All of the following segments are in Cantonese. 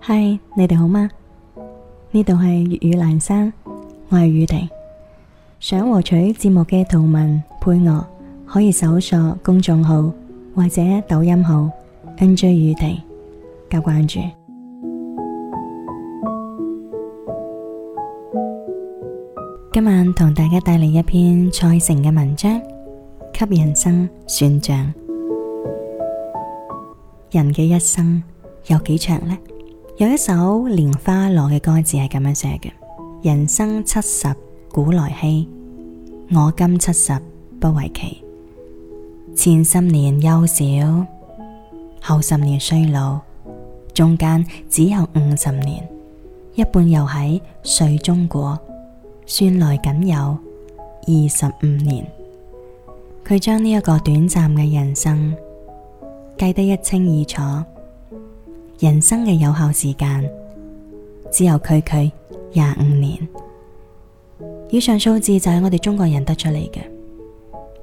嗨，Hi, 你哋好嗎？呢度係粵語欄山，我係宇婷。想獲取節目嘅圖文配樂，可以搜索公眾號或者抖音號 NJ 宇婷加關注。今晚同大家帶嚟一篇蔡成嘅文章，給人生算賬。人嘅一生。有幾長呢？有一首蓮花落嘅歌詞係咁樣寫嘅：人生七十古來稀，我今七十不為奇。前十年幼小，後十年衰老，中間只有五十年，一半又喺睡中過，算來僅有二十五年。佢將呢一個短暫嘅人生計得一清二楚。人生嘅有效時間只有區區廿五年，以上數字就係我哋中國人得出嚟嘅，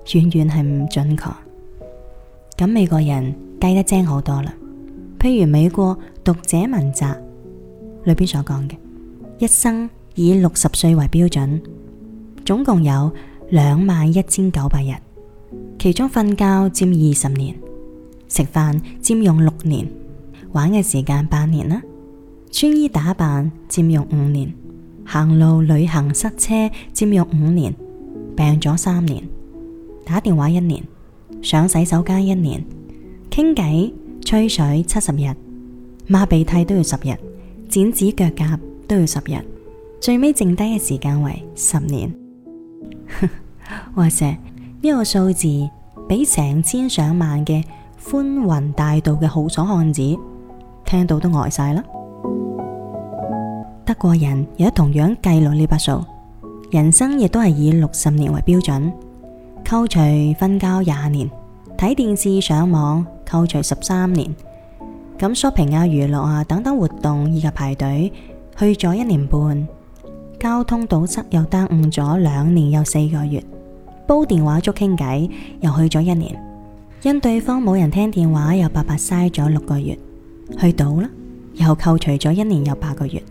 遠遠係唔準確。咁美國人計得精好多啦，譬如美國讀者文摘裏邊所講嘅，一生以六十歲為標準，總共有兩萬一千九百日，其中瞓覺佔二十年，食飯佔用六年。玩嘅時間八年啦，穿衣打扮佔用五年，行路旅行塞車佔用五年，病咗三年，打電話一年，上洗手間一年，傾偈吹水七十日，抹鼻涕都要十日，剪指腳甲都要十日，最尾剩低嘅時間為十年。 哇塞，呢、呢個數字比成千上萬嘅寬宏大度嘅豪爽漢子。聽到都呆晒啦！德國人亦都同樣計算呢筆數，人生亦都係以六十年為標準，扣除瞓覺廿年，睇電視上網扣除十三年，咁 shopping 啊娛樂啊等等活動以及排隊去咗一年半，交通堵塞又耽誤咗兩年又四個月，煲電話粥傾偈又去咗一年，因對方冇人聽電話又白白嘥咗六個月。去賭啦，又扣除咗一年又八個月。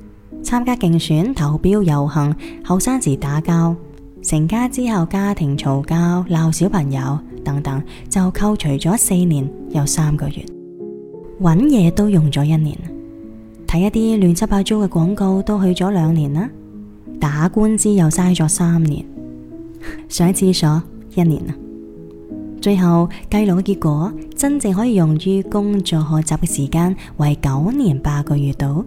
參加競選、投票、遊行，後生時打交，成家之後家庭嘈交、鬧小朋友等等，就扣除咗四年又三個月。揾嘢都用咗一年，睇一啲亂七八糟嘅廣告都去咗兩年啦。打官司又嘥咗三年，上廁所一年啊。最後計落嘅結果，真正可以用於工作學習嘅時間為九年八個月度。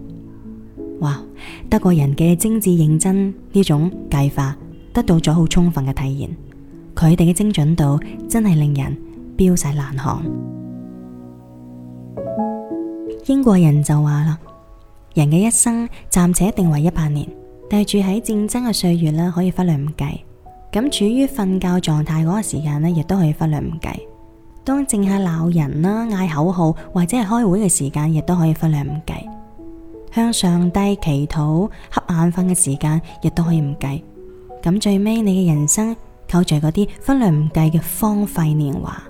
哇！德國人嘅精致認真呢種計劃，得到咗好充分嘅體現。佢哋嘅精準度真係令人飆晒冷汗。英國人就話啦，人嘅一生暫且定為一百年，但係住喺戰爭嘅歲月咧，可以忽略唔計。咁處於瞓覺狀態嗰個時間呢，亦都可以忽略唔計。當淨係鬧人啦、嗌口號或者係開會嘅時間，亦都可以忽略唔計。向上帝祈禱、瞌眼瞓嘅時間，亦都可以唔計。咁最尾你嘅人生扣除嗰啲忽略唔計嘅荒廢年華，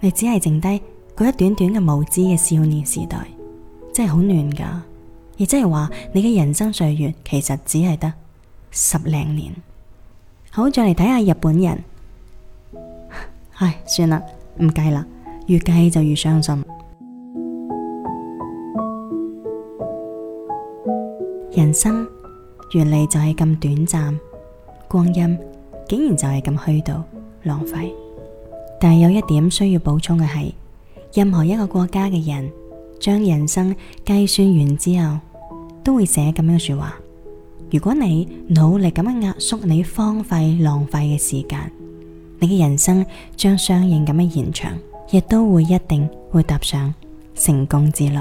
你只係剩低嗰一短短嘅無知嘅少年時代，真係好嫩噶。亦即係話你嘅人生歲月其實只係得十零年。好，再嚟睇下日本人。唉，算啦，唔計啦，越計就越傷心。人生原嚟就係咁短暫，光陰竟然就係咁虛度浪費。但係有一點需要補充嘅係，任何一個國家嘅人將人生計算完之後，都會寫咁樣嘅說話。如果你努力咁樣壓縮你荒廢浪費嘅時間，你嘅人生將相應咁樣延長，亦都會一定會踏上成功之路。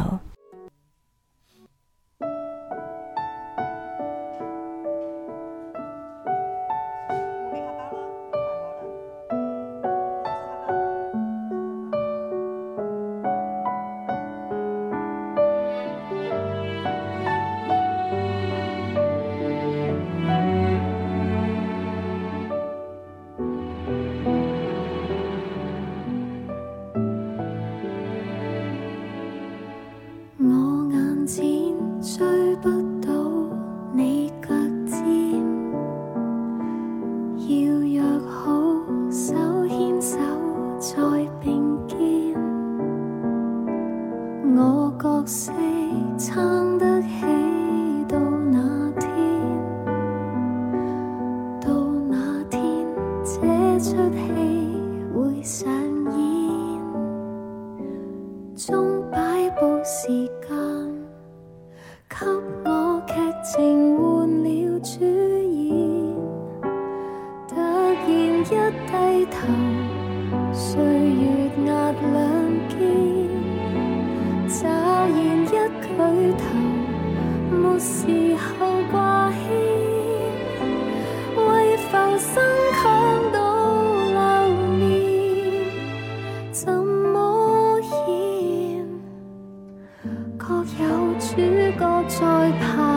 鐘擺佈時間，給我劇情換了主演。突然一低頭，歲月壓兩肩；驟然一舉頭，沒時間。各有主角在排。